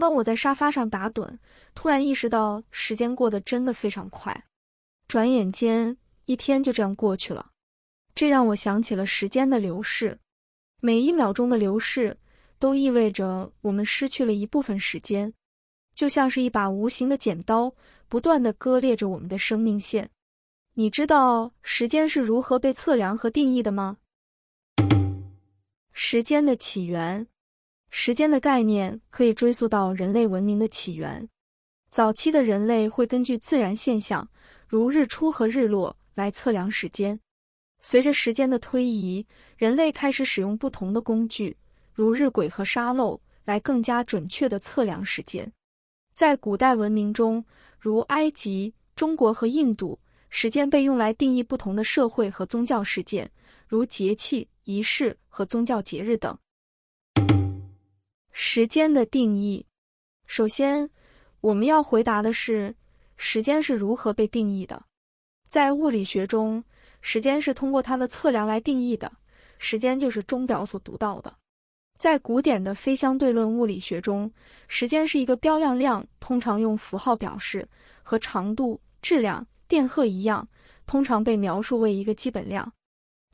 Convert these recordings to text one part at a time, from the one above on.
當我在沙發上打盹，突然意識到時間過得真的非常快，轉眼間一天就這樣過去了。這讓我想起了時間的流逝，每一秒鐘的流逝都意味着我們失去了一部分時間，就像是一把無形的剪刀，不斷的割裂着我們的生命線。你知道時間是如何被測量和定義的嗎？時間的起源。時間的概念可以追溯到人類文明的起源。早期的人類會根據自然現象，如日出和日落，來測量時間。隨着時間的推移，人類開始使用不同的工具，如日晷和沙漏，來更加準確地測量時間。在古代文明中，如埃及、中國和印度，時間被用來定義不同的社會和宗教事件，如節氣、儀式和宗教節日等。時間的定義，首先我們要回答的是時間是如何被定義的。在物理學中，時間是通過它的測量來定義的，時間就是鐘錶所讀到的。在古典的非相對論物理學中，時間是一個標量量，通常用符號表示，和長度、質量、電荷一樣，通常被描述為一個基本量。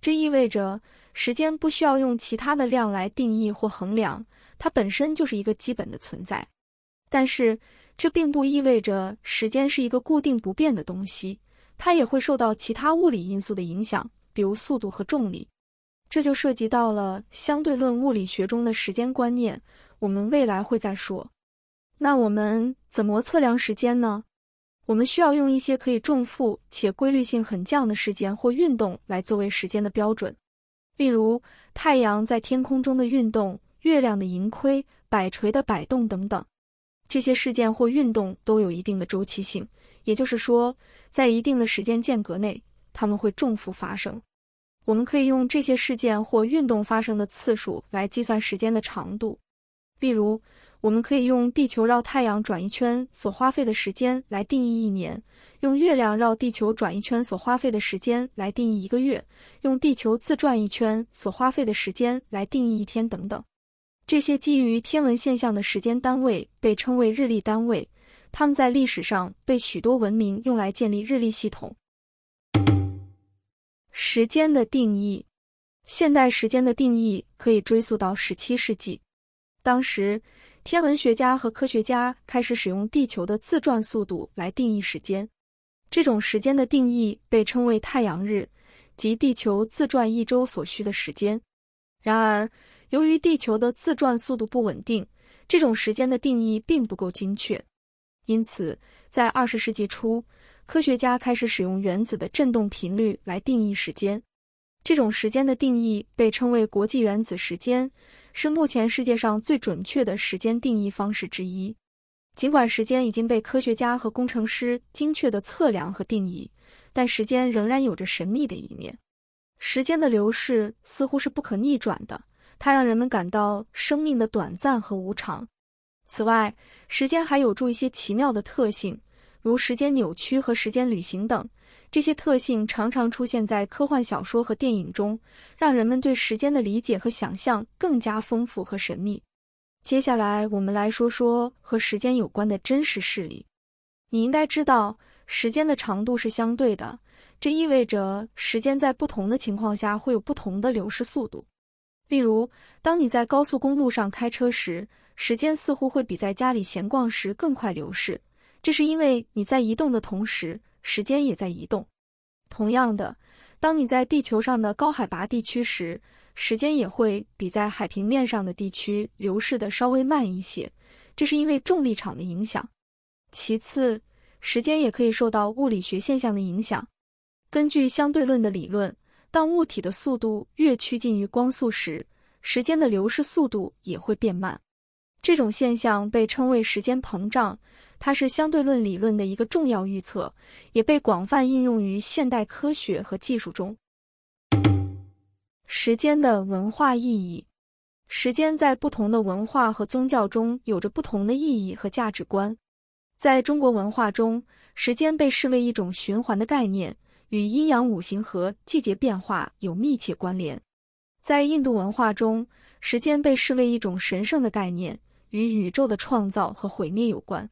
這意味着時間不需要用其他的量來定義或衡量。它本身就是一個基本的存在，但是這並不意味着時間是一個固定不變的東西，它也會受到其他物理因素的影響，比如速度和重力。這就涉及到了相對論物理學中的時間觀念，我們未來會再說。那我們怎麼測量時間呢？我們需要用一些可以重複且規律性很強的事件或運動來作為時間的標準，例如太陽在天空中的運動。月亮的盈虧、擺錘的擺動等等，這些事件或運動都有一定的周期性，也就是說，在一定的時間間隔內，它們會重複發生。我們可以用這些事件或運動發生的次數來計算時間的長度。例如，我們可以用地球繞太陽轉一圈所花費的時間來定義一年，用月亮繞地球轉一圈所花費的時間來定義一個月，用地球自轉一圈所花費的時間來定義一天等等。這些基於天文現象的時間單位被稱為日曆單位，他們在歷史上被許多文明用來建立日曆系統。時間的定義，現代時間的定義可以追溯到十七世紀，當時天文學家和科學家開始使用地球的自轉速度來定義時間。這種時間的定義被稱為太陽日，即地球自轉一周所需的時間。然而，由於地球的自轉速度不穩定，這種時間的定義並不夠精確。因此，在二十世紀初，科學家開始使用原子的振動頻率來定義時間。這種時間的定義被稱為國際原子時間，是目前世界上最準確的時間定義方式之一。儘管時間已經被科學家和工程師精確地測量和定義，但時間仍然有着神秘的一面。時間的流逝似乎是不可逆轉的。它讓人們感到生命的短暫和無常。此外，時間還有著一些奇妙的特性，如時間扭曲和時間旅行等。這些特性常常出現在科幻小說和電影中，讓人們對時間的理解和想象更加豐富和神秘。接下來，我們來說說和時間有關的真實事例。你應該知道，時間的長度是相對的，這意味着時間在不同的情況下會有不同的流逝速度。例如，當你在高速公路上開車時，時間似乎會比在家裡閒逛時更快流逝，這是因為你在移動的同時，時間也在移動。同樣的，當你在地球上的高海拔地區時，時間也會比在海平面上的地區流逝的稍微慢一些，這是因為重力場的影響。其次，時間也可以受到物理學現象的影響。根據相對論的理論。當物體的速度越趨近於光速時，時間的流逝速度也會變慢。這種現象被稱為時間膨脹，它是相對論理論的一個重要預測，也被廣泛應用於現代科學和技術中。時間的文化意義，時間在不同的文化和宗教中有着不同的意義和價值觀。在中國文化中，時間被視為一種循環的概念。與陰陽五行和季節變化有密切關聯。在印度文化中，時間被視為一種神聖的概念，與宇宙的創造和毀滅有關；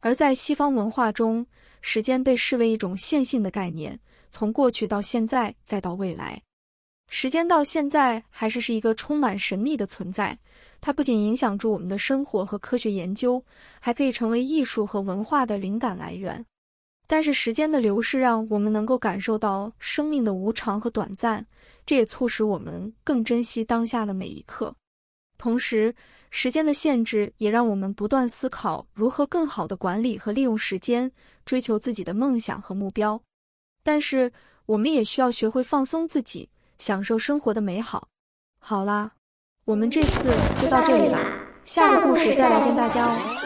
而在西方文化中，時間被視為一種線性的概念，從過去到現在再到未來。時間到現在還是是一個充滿神秘的存在，它不僅影響著我們的生活和科學研究，還可以成為藝術和文化的靈感來源。但是時間的流逝讓我們能夠感受到生命的無常和短暫，這也促使我們更珍惜當下的每一刻。同時，時間的限制也讓我們不斷思考如何更好地管理和利用時間，追求自己的夢想和目標。但是，我們也需要學會放鬆自己，享受生活的美好。好啦，我們這次就到這裡吧，下個故事再來見大家哦。